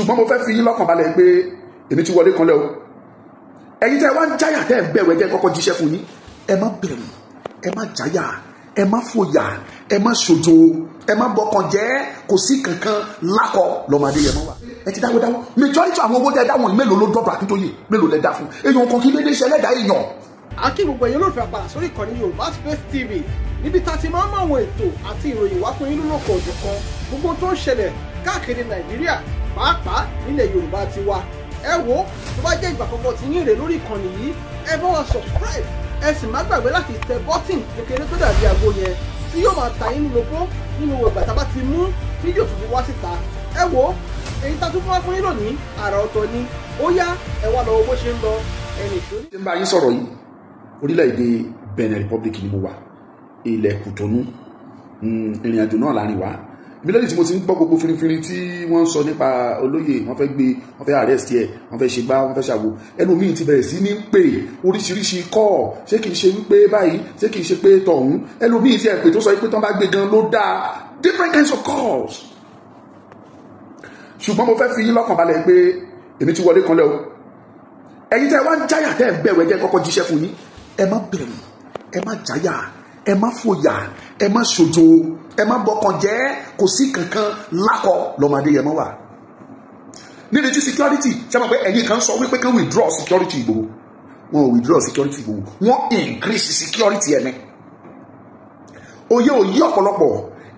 ṣùgbọ́n mo fẹ́ fi yín lọ́kàn balẹ̀ pé èmi ti wọlé kanlẹ̀ o ẹ̀yin tẹ́ wá ń jáyà tẹ́ ẹ̀ bẹ̀rù ẹ jẹ́ kọ́kọ́ jíṣẹ́ fún yín ẹ má bẹ̀rù ẹ má jáyà ẹ má fòyà ẹ má ṣojo ẹ má bọkàn jẹ́ kò sí kankan lákọ lọ́mọdé yẹn mọ́ wa ẹ ti dáwọ́ dáwọ́ majority àwọn owó tẹ́ dáwọ́ mélòó ló dọ́bà Akíntóyè mélòó lẹ dá fún èèyàn kan kí lédè ṣẹlẹ̀ dá èèyàn. akí gbogbo ẹ̀yin olóòfẹ́ àpàdà sórí ìkànnì Yorùbá Space TV níbi tá a ti máa ń mọ àwọn ètò àti ìròyìn wá fún yín lóko ọ̀dùn kan gbogbo tó ń ṣẹlẹ̀ káàkiri nàìjíríà pàápàá nílẹ̀ yorùbá ti wa ẹ wo tó bá jẹ́ ìgbà àkọ́kọ́ tí yín rè lórí ìkànnì yìí ẹ bá wa subscribe ẹ sì má gbàgbé láti tẹ bọ́tìn kékeré tó dàbí àgbo yẹn tí yóò máa ta yín lóko nínú ìgbà tá a bá ti mú fídíò tuntun wá síta ẹ wo èyí tá a tún fún wa fún yín lónìí àrà ọ̀tọ̀ ni ó yá ẹ wá lọ bó ṣe ń lọ ẹnì tó ṣé n bá yín sọ̀rọ̀ yìí orílẹ̀-èdè Benin Republic ni mo wà ilẹ̀ Kùtọ́nú hmm, ìrìn náà láàrin wa mi lẹ́yìn tí mo ti ń gbọ́ gbogbo fínfínrín tí wọ́n ń sọ nípa olóyè wọ́n fẹ́ gbé wọ́n fẹ́ arrest ẹ̀ wọ́n fẹ́ ṣe gbá wọ́n fẹ́ ṣàwo ẹnu mi ti bẹ̀rẹ̀ sí ní pè oríṣiríṣi kọ́ ṣé kìí ṣe wípé báyìí ṣé kìí ṣe pé tọ̀hún ẹnu mi ti ẹ̀ pè tó sọ pé tán bá gbé gan ló dáa different kinds of calls ṣùgbọ́n mo fẹ́ fi yín lọ́kàn balẹ̀ pé èmi ti wọlé kanlẹ̀ o ẹ̀yin tẹ́ wá ń jáyà tẹ́ ẹ̀ bẹ̀rù ẹ jẹ́ kọ́kọ́ jíṣẹ́ fún yín ẹ má bẹ̀rù ẹ má jáyà ẹ má fòyà ẹ má bọkàn jẹ́ kò sí kankan lákọ lọ́mọdé yẹn mọ́ wà níbi tí security ṣe máa pé ẹ̀yin kan sọ wípé kan withdraw security ìgbòho wọn withdraw security ìgbòho wọn increase security ẹ̀mí oyé òyí ọ̀pọ̀lọpọ̀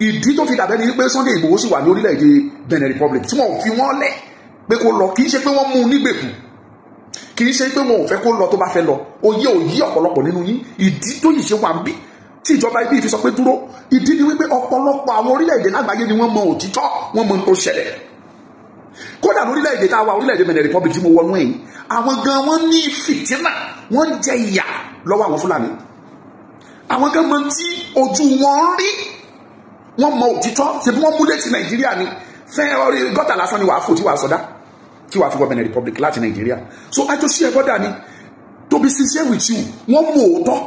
ìdí tó fi dàbẹ́ ni wípé Sunday Ìgbòho sì wà ní orílẹ̀-èdè Benin Republic tí wọn ò fi wọ́n lẹ̀ pé kó lọ kì í ṣe pé wọ́n mú un nígbèkùn kì í ṣe pé wọn ò fẹ́ kó lọ tó bá fẹ́ lọ oyé òyí ọ̀pọ̀lọpọ̀ nínú yín ìdí tó yìí ṣe wà ń bí tí ìjọba ibi ìfi sọ pé dúró ìdí ni wípé ọ̀pọ̀lọpọ̀ àwọn orílẹ̀-èdè lágbàáyé ni wọ́n mọ òtítọ́ wọ́n mọ tó ṣẹlẹ̀ kódà lórílẹ̀-èdè tá a wà orílẹ̀-èdè Benin Republic tí mo wọnú ẹ̀yìn àwọn gan wọ́n ní fìtínà wọ́n jẹ ìyà lọ́wọ́ àwọn Fúlàní àwọn gan mọ tí ojú wọn rí wọ́n mọ òtítọ́ ṣebí wọ́n múlẹ̀ ti Nàìjíríà ni fẹ́ gọ́tà lásán ni wàá fò tí wàá sọdá tí wàá fi wọ Benin Republic láti Nàìjíríà so àjọṣe ẹ̀ bọ́dà ni to be sincere with you wọ́n mú òótọ́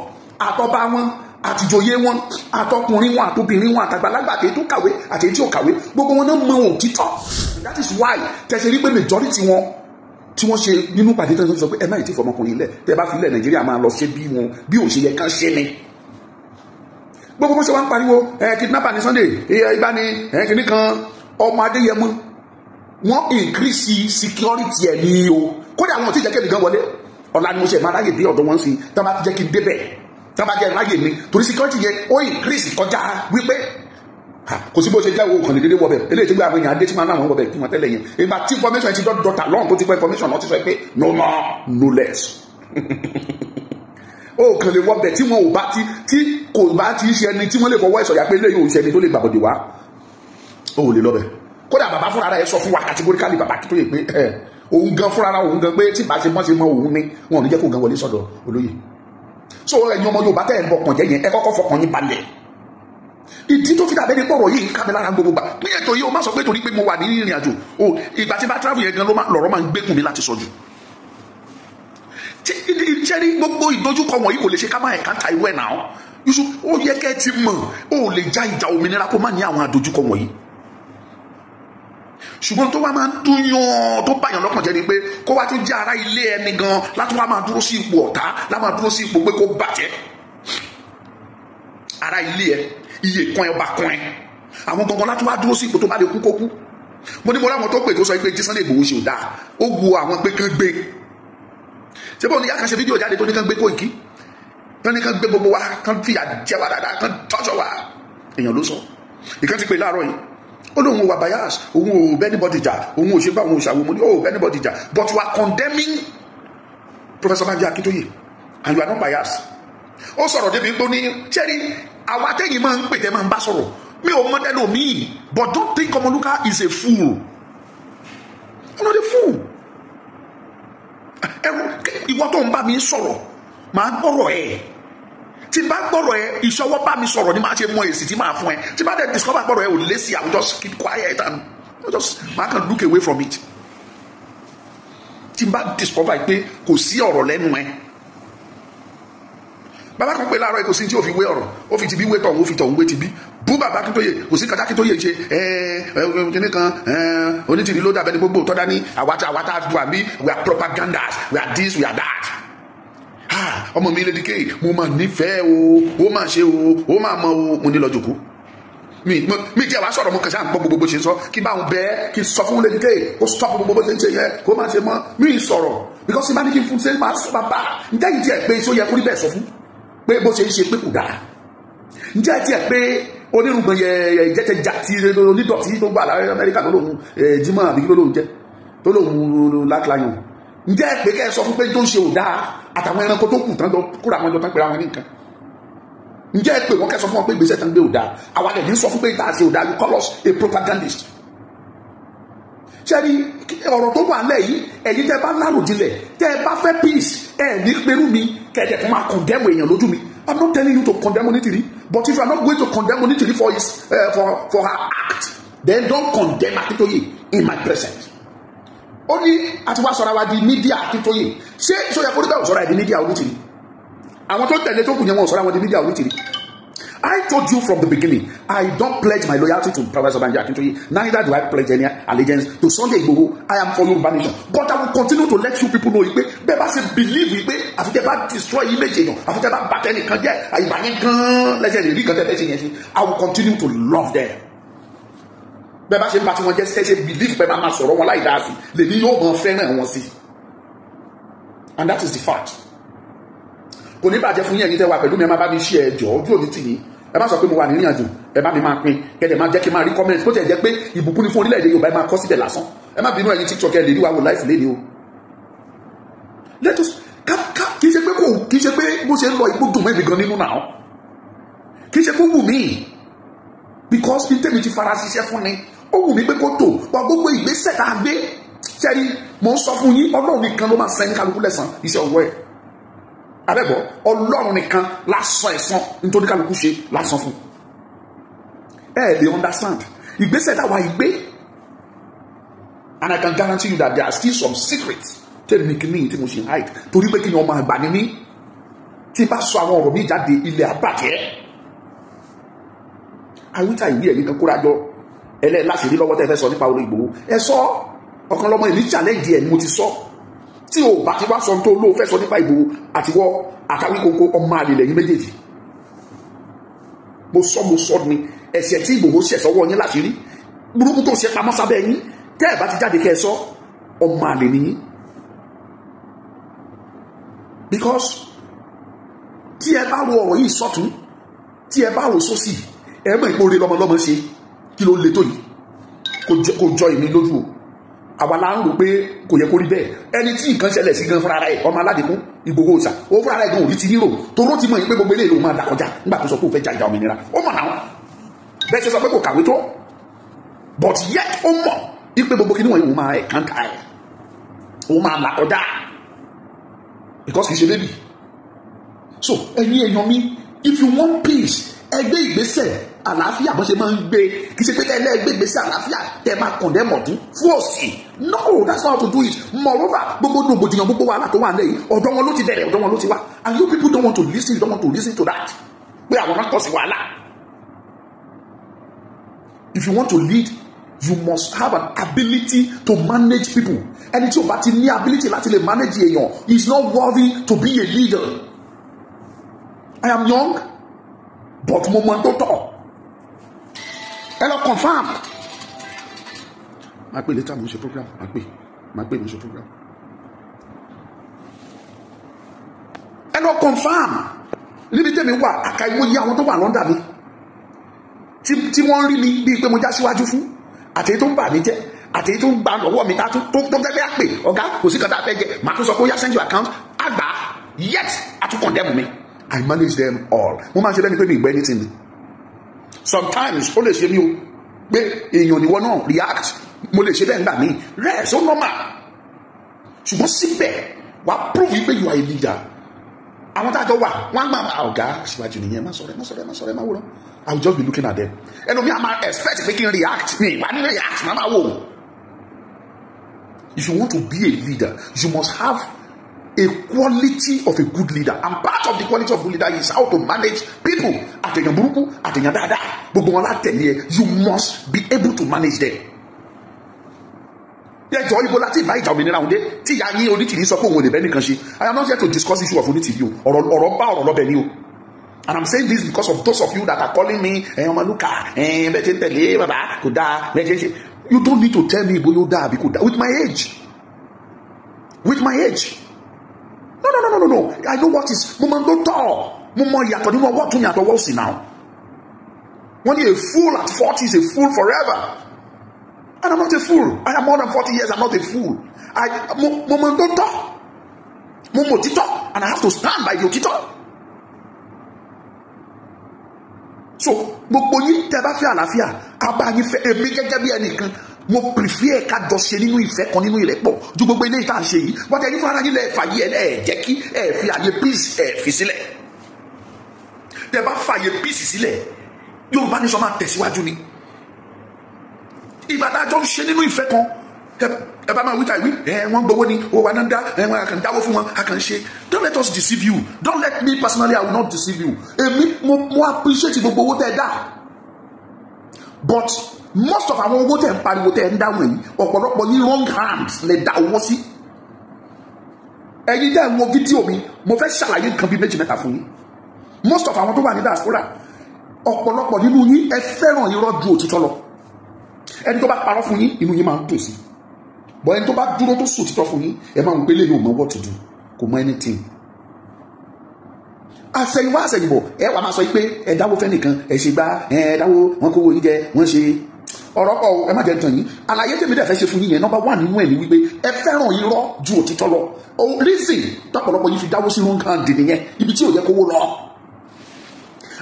àtọ́ba wọn àtìjòyè wọn àtọkùnrin wọn àtobìnrin wọn àtàgbàlagbà àti tó kàwé àti tí ò gbogbo wọn náà mọ òtítọ́ that is why tẹ̀sí rí pé majority wọn tí wọ́n ṣe nínú pàdé tó ń sọ pé ẹ má yìí ti fọmọkùnrin lẹ̀ tẹ́ bá fi lẹ̀ nàìjíríà máa lọ ṣe bí wọn bí ò ṣe yẹ kán ṣe ni gbogbo bó ṣe wá ń pariwo ẹ kidnapper ní Sunday ibà ni ẹ kìíní kan ọmọ Adéyẹmọ wọn increase security ẹ ní o kódà àwọn ò tí ì kébì gan wọlé ọ̀la tán bá jẹ́ ráyè mi torí security yẹn ó increase kọjá wípé kò sí bó ṣe jẹ́ owó kan dédé wọbẹ̀ eléyìí tí gbé àwọn èèyàn adé tí máa ń láwọn wọbẹ̀ tí wọ́n tẹ́lẹ̀ yẹn ìgbà tí information ti dọ́ta lọ́n tó ti pẹ́ information náà ti sọ pé no more no less ó kàn lè wọbẹ̀ tí wọn ò bá ti tí kò bá ti ṣe ẹni tí wọ́n lè fọwọ́ ìsọ̀yà pé eléyìí ò ṣe ẹni tó lè gbàbọ̀dè wá ó lè lọ́bẹ̀ kódà bàbá fúnra rẹ̀ sọ fún wa categorically bàbá tó yẹ pé òun gan fúnra òun gan pé tí bá ṣe mọ́ ṣe mọ́ òun ní wọn ò ní jẹ́ kó gan wọlé sọ́dọ̀ olóyè so ẹ̀yin ọmọ Yorùbá tẹ́ ẹ̀ ń bọ̀ kànjẹ́ yẹn ẹ kọ́kọ́ fọkàn yín balẹ̀ ìdí tó fi dàbẹ́ ni pọ̀rọ̀ yìí ń ká mi lára gbogbo gbà ní ètò yìí o má sọ pé torí pé mo wà ní ìrìn àjò o ìgbà tí bá travel yẹn gan lọ́rọ̀ máa ń gbẹ́kùn mi láti sọ jù ṣé ní gbogbo ìdojúkọ wọ̀nyí kò lè ṣe ká má ẹ̀ka ta ìwé náà ó yẹ kẹ́ ẹ ti mọ̀ ó lè já ìjà òmìnira kó má ní àwọn àdojúkọ wọ̀nyí ṣùgbọ́n tó wá máa ń dún yan tó báyàn lọ́kàn jẹ́ ni pé kó wá ti jẹ́ ara ilé ẹni gan láti wá máa dúró sí ipò ọ̀tá láti máa dúró sí ipò pé kó bàjẹ́ ara ilé ẹ iye kan ẹ ọba kan ẹ àwọn gangan láti wá dúró sí ipò tó bá lè kú kó kú mo ní mo láwọn tó pè tó sọ pé jí Sunday Igboho ṣe ò dáa ó wu àwọn pé kán gbé ṣé bọ́ọ̀ ni yàtọ̀ ṣe fídíò jáde tó ní kán gbé Koiki kán ní kán gbé gbogbo wa kán fìyà jẹ wa dáadáa kán tọ́jọ wa èèyàn ló sọ ìkan ti pè láàárọ̀ yìí ó lóun wà bias òun ò bẹ́ẹ̀ anybody jà òun ò ṣe bá òun ò ṣàwọn ọmọdé ò bẹ́ẹ̀ anybody jà but you are condemning Professor Banji Akintoye and you are not bias ó sọ̀rọ̀ débi tó ní ṣẹ́ni àwa tẹ́yìn máa ń pè tẹ́ máa ń bá sọ̀rọ̀ mi ò mọ tẹ́lẹ̀ omi but don't think Omoluka is a fool I'm not fool ẹ̀rù ìwọ tó ń bá mi sọ̀rọ̀ màá gbọ́rọ̀ ẹ̀ tí n bá gbọ́rọ̀ ẹ ìṣọwọ́ bá mi sọ̀rọ̀ ni máa ṣe mọ èsì tí máa fún ẹ tí n bá dẹ̀ discover gbọ́rọ̀ ẹ ò lé sí i I will just keep quiet and I just I can look away from it tí n bá discover pé kò sí ọ̀rọ̀ lẹ́nu ẹ bàbá kan pè láàárọ̀ kò sí tí ó fi wé ọ̀rọ̀ ó fi ti bí wé tọ̀hún ó fi tọ̀hún wé ti bí bú bàbá Akíntóyè kò sí kàtà Akíntóyè ṣe kíní kan onítìrí ló dàbẹ́ni gbogbo tọ́da ní àwátá àwátá àdúrà bí we are propagandas we are this we are that ọmọ mi Lady K mo máa nífẹ̀ẹ́ o ó máa ṣe o ó máa mọ o mo ní lọ jòkó mi mi jẹ́ wàá sọ̀rọ̀ mo kàn sáà ń gbọ́ gbogbo bó ṣe ń sọ kí bá òun bẹ́ẹ̀ kí sọ fún Lady K kó sọ gbogbo bó ṣe ń ṣe yẹ kó máa ṣe mọ́ mi sọ̀rọ̀ because ìbá ní kí n fún ṣe máa sọ bàbá ǹjẹ́ ìdí ẹ̀ pé iṣó yẹ kó rí bẹ́ẹ̀ sọ fún pé bó ṣe ń ṣe pé kò dáa ǹjẹ́ ìdí ẹ̀ pé onírùngbọ̀n yẹ ìjẹ́tẹ̀ jàti onídọ̀tí eh, tó gbà láàrin Amẹ́ríkà tó lóun jimá àbí tó lóun jẹ tó lóun ǹjẹ́ ẹ pé kẹ́ ẹ sọ fún pé tó ń ṣe ò dáa àtàwọn ẹranko tó kù tán lọ kúrò àwọn ẹjọ́ tán pèrè àwọn nìkan ǹjẹ́ ẹ pé wọ́n kẹ́ sọ fún wọn pé ìgbésẹ̀ tán gbé ò dáa àwa lè ní sọ fún pé ìta àṣẹ ò dáa you call us a propagandist ṣẹ́ni ọ̀rọ̀ tó wà lẹ̀ yìí ẹ̀yin tẹ́ bá láròjinlẹ̀ tẹ́ ẹ bá fẹ́ peace ẹ̀ ní pẹ̀lú mi kẹ̀dẹ̀ tó máa condemn èèyàn lójú mi I'm not telling you to condemn Onitiri but if you are not going to condemn Onitiri for his eh, for, for her act then don't condemn Akintoye in my presence ó ní àti wá sọ̀rọ̀ wa di mídíà Akíntóyè ṣé sọ́yà kó nígbà òṣọ́ra ẹ̀ di mídíà Onítìrí àwọn tó tẹ̀lé tó kù yẹn wọn òṣọ́ra wọn di mídíà Onítìrí I told you from the beginning, I don't pledge my loyalty to Professor Banji Akintoye. Neither do I pledge any allegiance to Sunday Igbo. I am for Yoruba Nation. But I will continue to let you people know pé bẹ́ẹ̀ bá ṣe believe pé àfi tẹ́ bá destroy image èèyàn, àfi tẹ́ bá bàtẹ́ nìkan jẹ́, àyíbá yẹn lẹ́sẹ̀ rí kan tẹ́ fẹ́ yẹn sí. I will continue to love them bẹ́ẹ̀ bá ṣe ń bá tí wọ́n jẹ́ ṣe belief pé máa sọ̀rọ̀ wọn láì dáa sí lèmi yóò mọ fẹ́ràn wọn sí and that is the fact kò ní bàjẹ́ fún yín ẹ̀yin tẹ́ wà pẹ̀lú mi ẹ má bá mi ṣe ẹ̀jọ̀ ojú òní tì yín ẹ má sọ pé mo wà nírìn àjò ẹ bá mi máa pín kẹ́lẹ̀ máa jẹ́ kí n máa rí comment bó tẹ̀ jẹ́ pé ìbùkún ni fún orílẹ̀-èdè Yorùbá ẹ máa kọ́ síbẹ̀ lásán ẹ má bínú ẹ̀yin TikTok ẹ lè rí wa because bí tèmi ti fara ṣiṣẹ́ fún ni ó wù mí pé kó tò wà gbogbo ìgbésẹ̀ tá a gbé ṣẹ́ni mò ń sọ fún yín ọlọ́run nìkan ló máa sẹ́ni kálukú lẹ́sàn iṣẹ́ ọwọ́ ẹ̀ abẹ́bọ̀ ọlọ́run nìkan lásán ẹ̀sán nítorí kálukú ṣe lásán fún ẹ ẹ lè understand ìgbésẹ̀ táwa ìgbé and I can guarantee you that there are still some secrets tẹ́lẹ̀ mi kì í ní tí mo ṣe hide torí pé kí ni ọmọ àgbà ni mí tí bá sọ àwọn ọ̀rọ̀ mi jáde ilẹ̀ àbàjẹ́ àwítà ìwé ẹ̀yìn kan kóra jọ ẹlẹ́ láti rí lọ́wọ́ tẹ́ fẹ́ sọ nípa orí Ìgbòho ẹ sọ ọkàn lọ́mọ ìlú challenge ẹ̀ ni mo ti sọ tí o bá ti wá sọ tó lóò fẹ́ sọ nípa Ìgbòho àtiwọ́ àtàwí koko ọmọ àlè lẹ́yìn méjèèjì mo sọ mo sọ ni ẹ̀ṣẹ̀ tí Ìgbòho ṣẹ̀ sọ́wọ́ yín láti rí burúkú tó ṣe pamọ́ sábẹ́ yín tẹ́ ẹ̀ bá ti jáde kẹ́ ẹ sọ ọmọ àlè nìyí because tí ẹ bá wo ọ̀rọ̀ yìí sọ́tún tí ẹ bá wo sósì ẹ mọ̀ ìpòrè kí ló le tó yìí kò jọ èmi lójú o àwa la ń rò pé kò yẹ kó rí bẹ́ẹ̀ ẹni tí nǹkan ṣẹlẹ̀ sí gan fúnra rẹ̀ ọmọ aládìkún Ìgbòho Òòṣà ó fúnra rẹ̀ gan òrí ti hírò toró ti mọ̀ yín pé gbogbo eléyìí ló máa dà kọjá nígbà tó sọ pé ó fẹ́ ja ìjà òmìnira ó mọ̀ náà bẹ́ẹ̀ ṣe sọ pé kò kàwé tó but yet ó mọ̀ ipe gbogbo kí ni wọ́n yìí máa ẹ̀ kàn ká ẹ̀ wọ́n máa là kọjá because kìí ṣe bébì so ẹ̀yin èèyàn mi if you want peace ẹgbẹ́ ìgbésẹ̀ àlàáfíà bó ṣe máa ń gbé kì í ṣe pé tẹ́lẹ̀ gbégbé sí àlàáfíà tẹ́ máa kàn dẹ́ mọ̀tún fún òsì no that's not how to do it moreover gbogbo rògbòdìyàn gbogbo wàhálà tó wà ń lẹ́yìn ọ̀dọ̀ wọn ló ti bẹ̀rẹ̀ ọ̀dọ̀ wọn ló ti wá and you people don't want to listen you don't want to listen to that pé àwọn náà kọ̀ sí wàhálà if you want to lead you must have an ability to manage people ẹni tí o bá ti ní ability láti lè manage èèyàn he is not worthy to be a leader i am young but mo mọ tó tọ́ ẹ lọ confam máa pè létà mo ń ṣe program máa pè máa pè mo ń ṣe program ẹ lọ confam níbi tẹ́mi wà àkàìmọye àwọn tó wà lọ́ndà mi tí wọ́n rí mi bíi pé mo já síwájú fún àtẹ̀yí tó ń bà mí jẹ́ àtẹ̀yí tó ń gbà lọ́wọ́ mi tó tó tẹ́gbẹ́ àpè ọ̀gá kò sí kàtà àfẹ́jẹ́ màá tún sọ pé ó yá send your account àgbà yet àtúkọ̀ndẹ́mù mi I manage them all mo máa ń ṣe bẹ́ẹ̀ ni pé mi ìgbẹ́ anything ni sometimes ó lè ṣe mí o pé èèyàn níwọ náà react mo lè ṣe bẹ́ẹ̀ nígbà míì rest ó normal ṣùgbọ́n síbẹ̀ wà á prove pé you are a leader àwọn tá a jọ wà wọ́n á gbà máa ah, ọ̀gá síwájú nìyẹn má sọ̀rọ̀ má sọ̀rọ̀ má sọ̀rọ̀ má wúrọ̀ I will just be looking at them ẹnu mi à máa expect pé kí n react mi ìwà ní react má máa wò. If you want to be a leader, you must have a quality of a good leader and part of the quality of a good leader is how to manage people At àtẹ̀yàn burúkú àtẹ̀yàn dáadáa gbogbo wọn látẹ̀lé ẹ you must be able to manage them. yẹ jọ ibo láti ìbá ìjà òmìnira òde tí ìyá yín onítìrí sọ pé òun ò lè bẹ́ẹ̀ nìkan ṣe I am not here to discuss issue of unity o ọ̀rọ̀ ọ̀rọ̀ bá ọ̀rọ̀ lọ́bẹ̀ ni o and i'm saying this because of those of you that are calling me ẹ̀yin ọmọlúkà ẹ̀yin bẹ́ẹ̀ ṣe ń tẹ̀lé bàbá kò dáa bẹ́ẹ̀ ṣe ṣe you don't need to tell me bóyá ó dáa àbí kò dáa with my age with my age no no no no no no i know what is mo mọ tó tọ̀ mo mọ ìyàtọ̀ nínú ọwọ́ tún yàtọ̀ wọ́ọ̀sì náà wọ́n ní a fool at forty is a fool forever and i'm not a fool i am more than forty years i'm not a fool i mo mọ tó tọ̀ mo mọ òtítọ́ and i have to stand by the òtítọ́ so gbogbo yín tẹ́ bá fẹ́ àlàáfíà abáyín fẹ́ èmi gẹ́gẹ́ bí ẹnìkan mo prefer ká jọ ṣe nínú ìfẹ́ kan nínú ìrẹ́pọ̀ ju gbogbo ilé ìta ṣe yìí wọ́n tẹ̀ ní fún ara yín lẹ́ẹ̀fà yìí ẹ̀ jẹ́ kí ẹ̀ fi àyè peace ẹ̀ fi sílẹ̀ tẹ bá fàyè peace sílẹ̀ Yorùbá nation máa tẹ̀síwájú ni ìgbà tá a jọ ń ṣe nínú ìfẹ́ kan ẹ bá máa wí tàbí ẹ wọn gbowó ni owó wa náà dá ẹ wọn kàn dáwó fún wọn a kàn ṣe don't let us deceive you don't let me personally I will not deceive you èmi mo mo appreciate gbogbo owó tẹ dáa but most of àwọn owó tẹ̀ ń pariwo tẹ̀ ń dáhùn èyí ọ̀pọ̀lọpọ̀ ní wrong hands lè dá owó sí ẹ̀yin dẹ́ ń wo fídíò mi mo fẹ́ ṣàlàyé nǹkan bíi méjì mẹ́ta fún yín most of àwọn tó wà ní diaspora ọ̀pọ̀lọpọ̀ nínú yín ẹ fẹ́ràn irọ́ ju òtítọ́ lọ ẹni tó bá parọ́ fún yín inú yín máa ń dùn sí bọ́ ẹni tó bá dúró tó sòtítọ́ fún yín ẹ máa ń gbélé yóò mọ what to do kò mọ anything àṣẹyìnwá àṣẹyìnbọ̀ ẹ wàá máa sọ pé ẹ dáwó fẹ́ nìkan ẹ ṣe gbá ẹ dáwó wọn kówó yín jẹ wọn ṣe ọ̀rọ̀ pọ̀ ẹ má jẹ́ tàn yín àlàyé tèmi dẹ̀ fẹ́ ṣe fún yín yẹn nọ́mbà wà nínú ẹ̀ ní wípé ẹ fẹ́ràn irọ́ ju òtítọ́ lọ reason tọ́pọ̀lọpọ̀ yìí fi dáwó sí wrong hand nìyẹn ibi tí ò yẹ kówó lọ.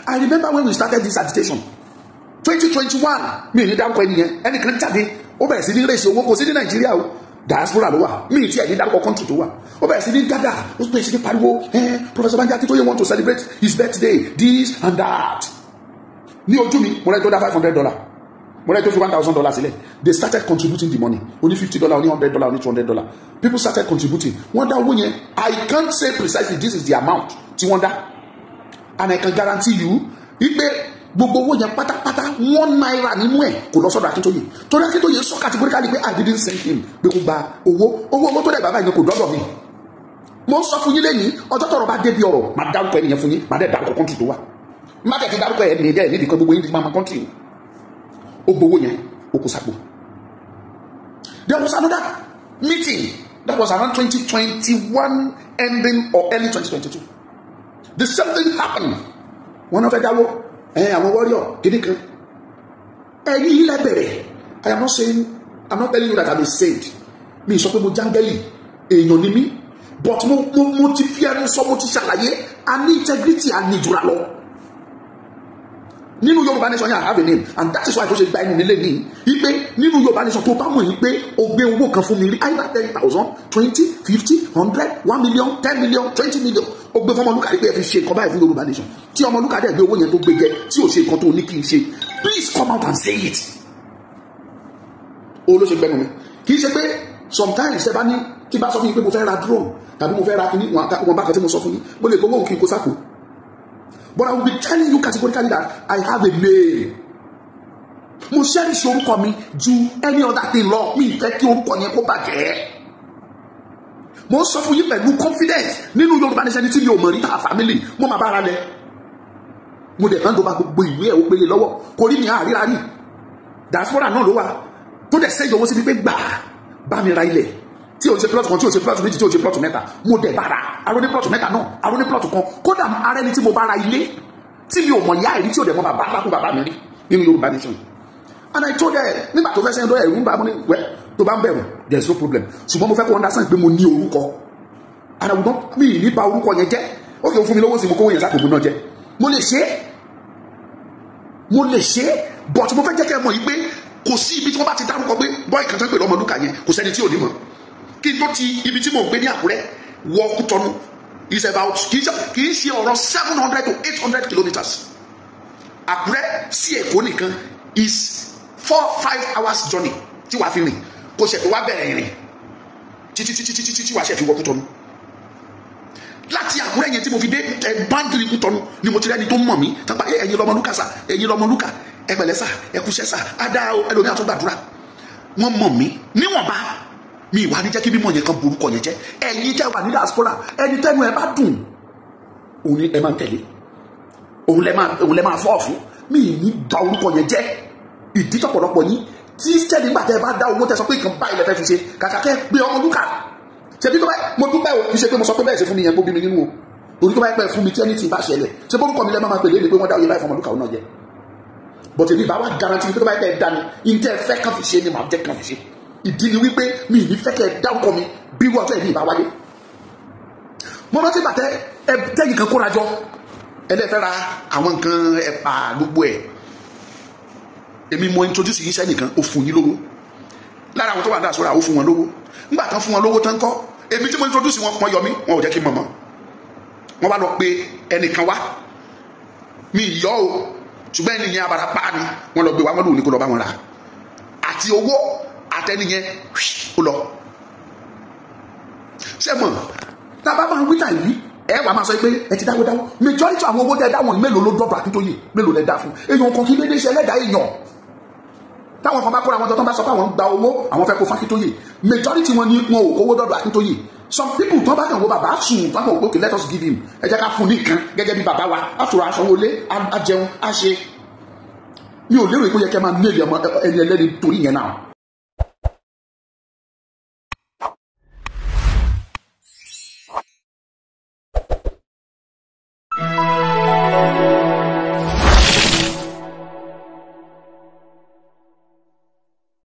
I remember when we started this agitation twenty twenty one mi ò ní dárúkọ ẹnìyẹn ẹnìkan jáde ó bẹ̀rẹ̀ sí ní rèsì owó kò sí ní Nàìjíríà o diaspora ló wà míì tí ẹ̀dí dárúkọ country tó wà ó bẹ̀rẹ̀ sí ní gádà ó bẹ̀rẹ̀ sí ní pariwo ẹ Professor Banji Akintoye want to celebrate his birthday this and that ní ojú mi mo rẹ́ tó dá five hundred dollar. mo rẹ́ tó fi one thousand dollars sílẹ̀ they started contributing the money Only fifty dollar only hundred dollar only two hundred dollar people started contributing wọ́n dá owó yẹn I can't say precisely this is the amount tí wọ́n dá and I can guarantee you wípé gbogbo owó yẹn pátápátá one naira nínú ẹ̀ kò lọ sọ́dọ̀ akíntóye torí akíntóye sọ kàtìkóríkàlì pé i didn't send him pé kò gba owó owó owó tó dẹ̀ bàbá yẹn kò dọ́dọ̀ mi mo sọ fún yín lẹ́yìn ọjọ́ tọrọ bá débi ọ̀rọ̀ máa dárúkọ ẹnìyẹn fún yín máa dẹ̀ dárúkọ kọ́ńtì tó wà má tẹ̀ fi dárúkọ ẹnìyẹn dẹ̀ nídìí kan gbogbo yín ti máa ma kọ́ńtì o gbowó yẹn o kò sàpò. there was another meeting that was around twenty twenty one ending or early twenty twenty two the same thing happened wọn náà fẹ́ dáwọ́ àwọn warrior kìíní kan ẹ̀yìn yìí lẹ bẹ̀rẹ̀ I am not saying I am not telling you that I be saved mi sọ pé mo jángẹ́lì èèyàn ni mí but mo mo mo ti fi ẹnu sọ mo ti ṣàlàyé a integrity a ní ìdúrà lọ nínú Yorùbá nation yà have a name and that is why tó ṣe gba ẹnu nílé ní ipe nínú Yorùbá nation tó bá mọ̀ yìí pé o gbé owó kan fún mi rí either ten thousand twenty fifty hundred one million ten million twenty million ó gbé fún ọmọlúkà pé ẹ fi ṣe nǹkan báyìí fún yorùbá nation tí ọmọlúkà dẹ̀ gbé owó yẹn tó gbé jẹ tí ò ṣe nǹkan tó ní kí n ṣe please come out and say it. o ló ṣe gbẹnu mi kì í ṣe pé sometimes ṣe bá ní tí bá sọ fún yín pé mo fẹ́ ra drone tàbí mo fẹ́ ra kíní wọn bá kan tí mo sọ fún yín mo lè gbowó kí kó sáko but I will be telling you categorically that I have a name mo ṣẹ́rìṣì orúkọ mi ju any other thing lọ mi ìfẹ́ kí orúkọ yẹn kó bàjẹ́ mo ń sọ fún yín pẹ̀lú confidence nínú yorùbá nation ní tí mi ò mọ̀ níta family mo máa bára lẹ mo dẹ̀ hàn tó bá gbogbo ìwé ẹ̀ ó pélé lọ́wọ́ kò rí mi àríra rí diaspora náà ló wà tó dẹ̀ sẹ́yìn owó sí mi pé gbà bá mi ra ilẹ̀ tí o ṣe plot kan tí o ṣe plot méjì tí o ṣe plot mẹ́ta mo dẹ̀ bára aróní plot mẹ́ta náà aróní plot kan kódà ara ẹni tí mo bá ra ilé tí mi ò mọ̀ yá ẹ̀rí tí o dẹ̀ mọ̀ bàbá lákùn bàbá mi rí nínú yorùbá nation and i told her nígbà tó fẹ́ sẹ́yìn lọ́yà ìrú ń bá mi wẹ́ tó bá ń bẹ̀ there is no problem ṣùgbọ́n mo fẹ́ kó understand pé mo ní orúkọ and I will not mi ní ba orúkọ yẹn jẹ́ ó kì í fún mi lówó sí mo kówó yẹn sápò mi náà jẹ mo lè ṣe é mo lè ṣe é but mo fẹ́ jẹ́ kẹ́ ẹ mọ̀ yìí pé kò sí ibi tí wọ́n bá ti dárúkọ pé bọ́ọ̀ì kan tó ń pè lọ́mọ lúkà yẹn kò sẹ́ni tí ò ní mọ̀ kí n tó ti ibi tí mò gbé ní Àkúrẹ́ wọ Kútọ́nù is about kì í ṣe ọ̀rọ̀ seven hundred to eight hundred kilometres Àkúrẹ́ sí Èkó nìkan is four five hours journey tí wàá fi rìn kò ṣe wá bẹ̀rẹ̀ ìrìn títí títí títí títí wàá ṣe fi wọ Kútọ̀nù láti àkúrẹ́ yẹn tí mo fi dé ẹ báńdìrì Kútọ̀nù ni mo ti rẹ́ni tó mọ̀ mí tàbá ẹ̀yin lọ́mọ lúkà sà ẹ̀yin lọ́mọ lúkà ẹ pẹ̀lẹ́ sà ẹ kúṣẹ́ sà á dá ẹlòmí àtúgbàdúrà wọ́n mọ̀ mí níwọ̀nba mi ìwà ní jẹ́ kí mímọ̀ yẹn kan burúkọ yẹn jẹ́ ẹ̀yin tẹ́ wà ní diaspora ẹni tẹ́nu ẹ bá dùn òun ni ẹ máa ń tẹ̀lé òun lẹ máa fọ́ ọ̀fun mi ì ní da orúkọ yẹn jẹ́ ìdí tọ̀pọ̀lọpọ̀ yín tí sẹ́ẹ̀dì gbà tẹ́ bá dá owó tẹ́ sọ pé nǹkan báyìí lẹ fẹ́ fi ṣe kàkà kẹ́ gbé ọmọ dúkà ṣe bí tó bá mo dúpẹ́ o kì í ṣe pé mo sọ pé bẹ́ẹ̀ ṣe fún mi yẹn bó bí mi nínú o torí tó bá pẹ́ fún mi tí ẹni tí ì bá ṣẹlẹ̀ ṣe bórúkọ mi lẹ́ máa pèlè ni pé wọ́n dá oyè báyìí fún ọmọ dúkà náà jẹ but èmi bá wà garanti pé tó bá pẹ́ dání ìtẹ́ fẹ́ kàn fi ṣe ni màá jẹ́ kàn fi ṣe ìdí ni wípé mi ì ní fẹ́ kẹ́ dáwọ́kọ mi bí wọ́n tẹ́ ẹ̀mí ìbá wáyé mo rántí bàtẹ́ ẹ tẹ́yìn kan kórajọ ẹlẹ́fẹ́ ra àwọn nǹkan ẹ̀pà gbogbo ẹ̀ èmi mo introduce yín sẹ́nìkan ó fún yín lówó lára àwọn tó wà ní àsọ̀rọ̀ àwọn fún wọn lówó nígbà tán fún wọn lówó tán kọ́ èmi tí mo introduce wọn pọn yọmí wọn ò jẹ́ kí n mọ̀ mọ́ wọn bá lọ pe ẹnìkan wá mi yọ o ṣùgbọ́n ẹni yẹn abara pa ni wọn lọ gbé wa wọn lòun ní kó lọ bá wọn rà àti owó àtẹni yẹn ó lọ sẹ́mọ̀ tá a bá máa wí tà ẹ wàá máa sọ pé ẹ ti dáwọ́ dáwọ́ majority àwọn owó tẹ dáwọ́ mélòó ló dọ́gba Akíntóyè mélòó lẹ dá fún èèyàn kan kí lédè iṣẹ́ ẹlẹ́dàá èèyàn táwọn kan bá kóra wọn tọ́tọ́ bá sọ pé àwọn gba owó àwọn fẹ́ kó f'Akíntóyè majority wọn ni wọn ò kówó dọ́dọ̀ Akíntóyè some people tó bá kàn wọ bàbá sùn tó bá kàn wọ okay let us give him ẹ jẹ́ ká fún ní nǹkan gẹ́gẹ́ bí bàbá wa àtúrò aṣọ wọlé àjẹun àṣe mi ò lérò ìpóyẹ kẹ́ máa nílẹ̀ ọmọ ẹni ẹlẹ́ni torí yẹn náà